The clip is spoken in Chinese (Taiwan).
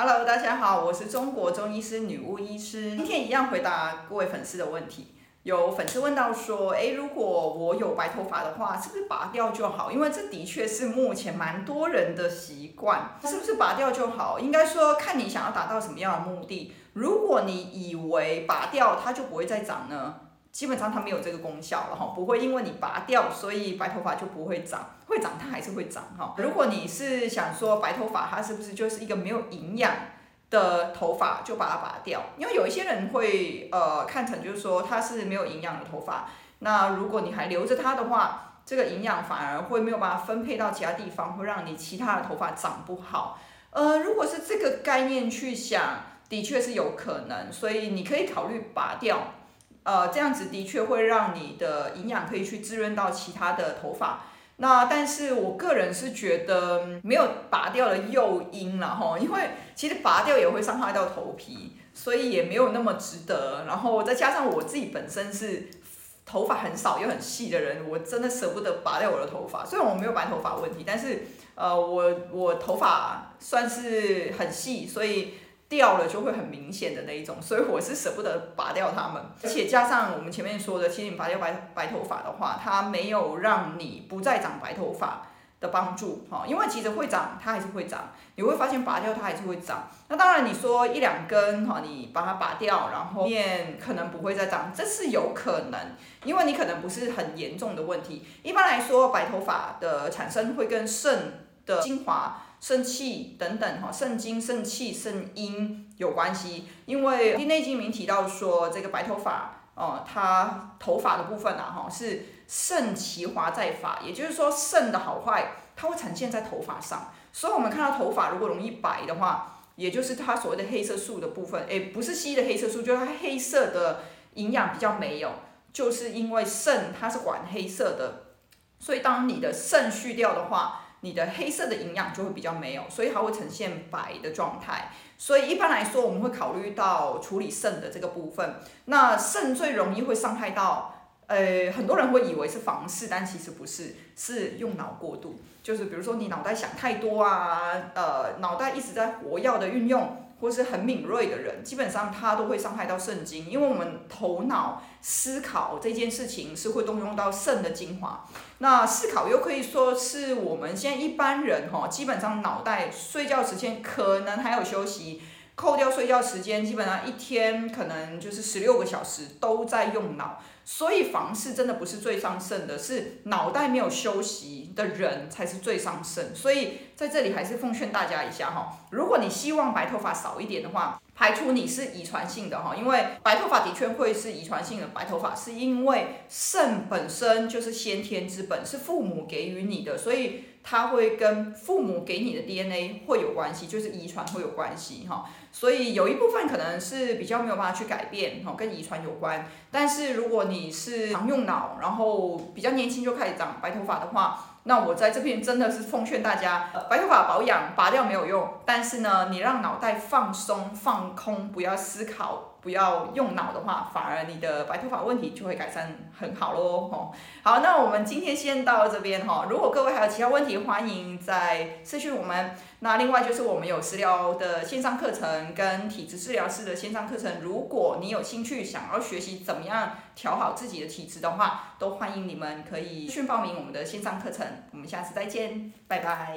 Hello，大家好，我是中國中醫師女巫醫師，今天一樣回答各位粉絲的問題。有粉絲問到說，欸，如果我有白頭髮的話，是不是拔掉就好？因為這的確是目前蠻多人的習慣，是不是拔掉就好？應該說看你想要達到什麼樣的目的。如果你以為拔掉它就不會再長呢？基本上它沒有這個功效了哈，不會因為你拔掉，所以白頭髮就不會長，會長它還是會長哈。如果你是想說白頭髮它是不是就是一個沒有營養的頭髮就把它拔掉？因為有一些人會呃看成就是說它是沒有營養的頭髮，那如果你還留着它的話，這個營養反而會沒有辦法分配到其他地方，會讓你其他的頭髮長不好。呃，如果是這個概念去想，的確是有可能，所以你可以考慮拔掉。呃，這樣子的確會讓你的營養可以去滋潤到其他的頭髮。那但是我個人是覺得沒有拔掉的誘因了哈，因為其實拔掉也會傷害到頭皮，所以也沒有那麼值得。然後再加上我自己本身是頭髮很少又很細的人，我真的捨不得拔掉我的頭髮。雖然我沒有白頭髮問題，但是呃，我我頭髮算是很細，所以。掉了就會很明顯的那一種，所以我是捨不得拔掉它們，而且加上我們前面說的，其實你拔掉白白頭髮的話，它沒有讓你不再長白頭髮的幫助哈，因為其實會長，它還是會長，你會發現拔掉它還是會長。那當然你說一兩根哈，你把它拔掉，然後面可能不會再長，這是有可能，因為你可能不是很嚴重的問題。一般來說，白頭髮的產生會跟腎，的精華、腎氣等等哈，腎精、腎氣、腎陰有關係。因為《內經》名提到說，這個白頭髮哦、呃，它頭髮的部分啊哈，是腎其華在髮，也就是說腎的好壞，它會呈現在頭髮上。所以我們看到頭髮如果容易白的話，也就是它所謂的黑色素的部分，哎、欸，不是吸的黑色素，就是它黑色的營養比較沒有，就是因為腎它是管黑色的，所以當你的腎虛掉的話，你的黑色的營養就會比較沒有，所以它會呈現白的狀態。所以一般來說，我們會考慮到處理腎的這個部分。那腎最容易會傷害到，呃，很多人會以為是房事，但其實不是，是用腦過度。就是比如說你腦袋想太多啊，呃，腦袋一直在活躍的運用。或是很敏銳的人，基本上他都會傷害到腎經，因為我們頭腦思考這件事情是會動用到腎的精華。那思考又可以說是我們現在一般人哈、哦，基本上腦袋睡覺時間可能還有休息。扣掉睡覺時間，基本上一天可能就是十六個小時都在用腦，所以房事真的不是最傷腎的，是腦袋沒有休息的人才是最傷腎。所以在這裡還是奉勸大家一下哈，如果你希望白頭髮少一點的話。排除你是遺傳性的哈，因為白頭髮的確會是遺傳性的。白頭髮是因為腎本身就是先天之本，是父母給予你的，所以它會跟父母給你的 DNA 會有關係，就是遺傳會有關係哈。所以有一部分可能是比較沒有辦法去改變哈，跟遺傳有關。但是如果你是常用腦，然後比較年輕就開始長白頭髮的話，那我在這邊真的是奉勸大家，白頭髮保養拔掉，沒有用，但是呢，你讓腦袋放鬆、放空，不要思考。不要用腦的話，反而你的白頭髮問題就會改善很好嘍。吼，好，那我們今天先到這邊哈。如果各位還有其他問題，歡迎再私訊我們。那另外就是我們有食療的線上課程跟體質治療師的線上課程，如果你有興趣想要學習怎麼樣調好自己的體質的話，都歡迎你們可以私訊報名我們的線上課程。我們下次再見，拜拜。